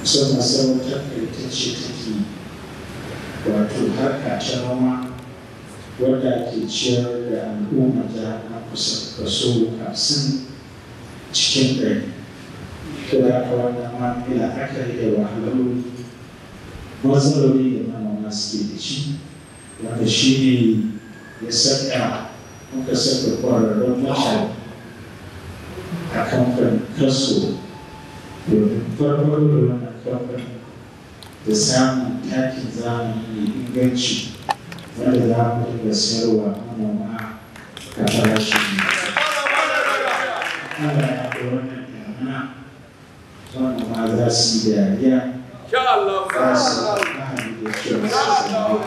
kusan masarautar ita ce take wato harka ta noma wadda ke ciyar da al'umma ta na kusan kaso hamsin cikin ɗari kira ta wannan ma ila yi da wahalarori matsaloli da manoma suke da shi wanda shi ne ya saka muka saka kwararrun mutane a kamfanin kaso domin farko da wannan da samun takin zamani mai inganci wanda za mu dinga sayarwa manoma a farashi mai Allah ya ga wannan damuna manoma za su yi dariya za su fahimci da kyau su zama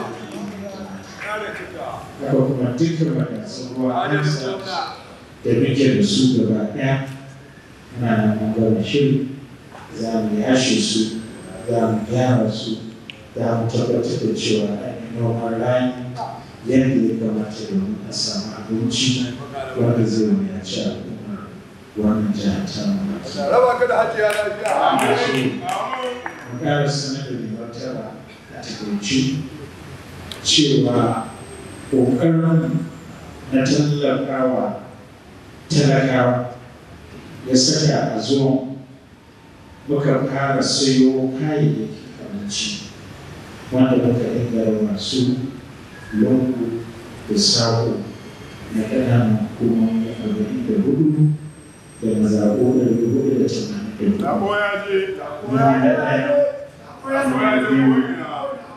Daga kuma dukkan matasan ruwa an da muke da su gaba ɗaya muna nan gaba shirin za mu yashe su za mu gyara su za mu tabbatar da cewa an yi noman rani yadda ya kamata da a samu abinci wanda zai wadaci al'umma wannan jihar ta mu. Raba ka da hajiya lafiya. Mu ƙara sanar da limantarwa a cewa ƙoƙarin na tallafawa talakawa ya saka a zuwan muka ƙara sayo kayayyaki abinci wanda muka ingara masu lungu da sako na ƙananan kuma arba'in da hudu da mazaɓo da dubu da tamanin da hudu. Na da ɗaya,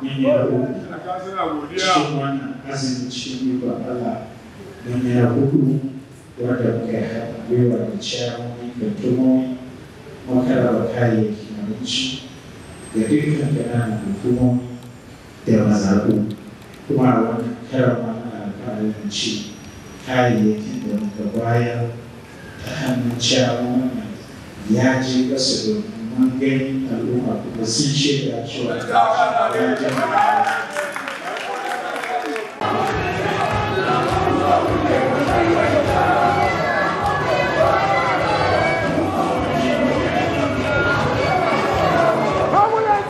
yin ya hudu, cikin wannan azumin yi ba Allah don ya hudu wanda muka yi haɗin gwiwa da ciyawoyi da tumoyi kayayyaki ya abinci ga dukkan na da mazaɓu kuma a wannan karan ma ana alfahari ce kayayyakin da muka bayar ta hannun cewa ya je ƙasa domin mun gani al'umma kuma sun shaida cewa ya